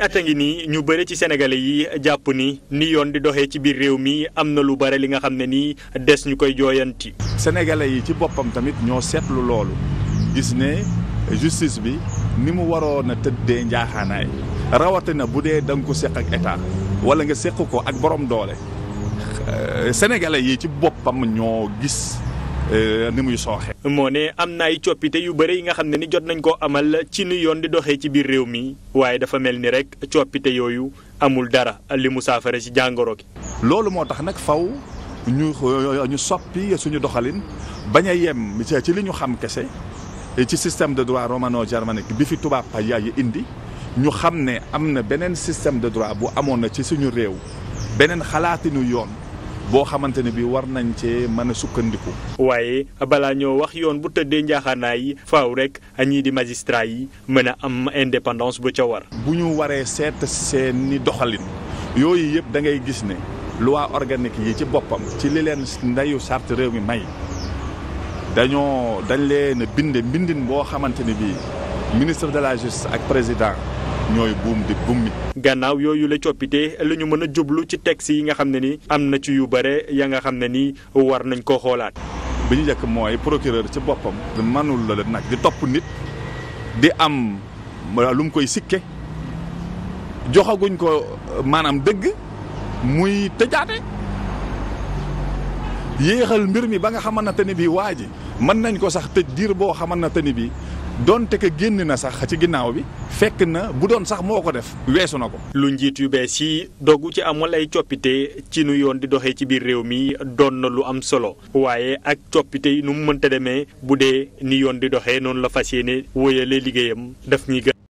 fukki at a ngi nii ñu bëre ci sénégalais yi jàpp ni ni yoon di doxee ci biir réew mii am na lu bare li nga xam ne nii des ñu koy jooyanti. sénégalais yi ci boppam tamit ñoo seetlu loolu gis ne justice bi ni mu waroon a tëddee njaaxaanaay rawatina bu dee da nga ko seq ak état wala nga seq ko ak borom doole euh, sénégalais yi ci boppam ñoo gis. Euh, ni muy sooxe. moo ne am na ay coppite yu bëri yi nga xam ne ni jot nañ koo amal ci ni yoon di doxee ci biir réew mi waaye dafa mel ni rek coppite yooyu amul dara li mu saafara ci jàngoro gi. loolu moo tax nag faw ñu euh, ñu soppi suñu doxalin bañ a yem ci li ñu xam kese ci système de droit romano-germanique bi fi tubaab yi indi ñu xam ne am na beneen système de droit bu amoon na ci suñu réew beneen xalaatinu yoon. boo xamante ne bi war nañ cee mën a sukkandiku. waaye balaa ñoo wax yoon bu tëddee njaaxaanaay faaw rek ñii di magistrat yi mën a am indépendance bu ca war. bu ñu waree seet seeni doxalin yooyu yëpp da ngay gis ne loi organique yi ci boppam ci li leen ndeyu charte réew mi may dañoo dañ leen a binde mbindin boo xamante ne bii ministre de la justice ak président. ñooy buum di buum mi gannaaw yooyu la coppite lañu mën a jublu ci texte yi nga xam ne ni am na ci yu bare ya nga xam ne ni war nañ koo xoolaat. bi ñu njëkk mooy procureur ci boppam. manul la nag di topp nit di am lu mu koy sikke joxaguñ ko euh, maanaam dëgg muy tëjaate yéexal mbir mi ba nga xamante ne bii waa ji mën nañ ko sax tëj diir boo xamante ne bii. donte que génn na sax ci ginnaaw bi fekk na bu doon sax moo ko def weesu na ko. lu njiit yu bees yi dogu ci amal ay coppite ci nu yoon di doxee ci biir réew mi doon na lu am solo waaye ak coppite yi nu mu mënta demee bu dee ni yoon di doxee noonu la fas yéene wóoyale liggéeyam daf ñuy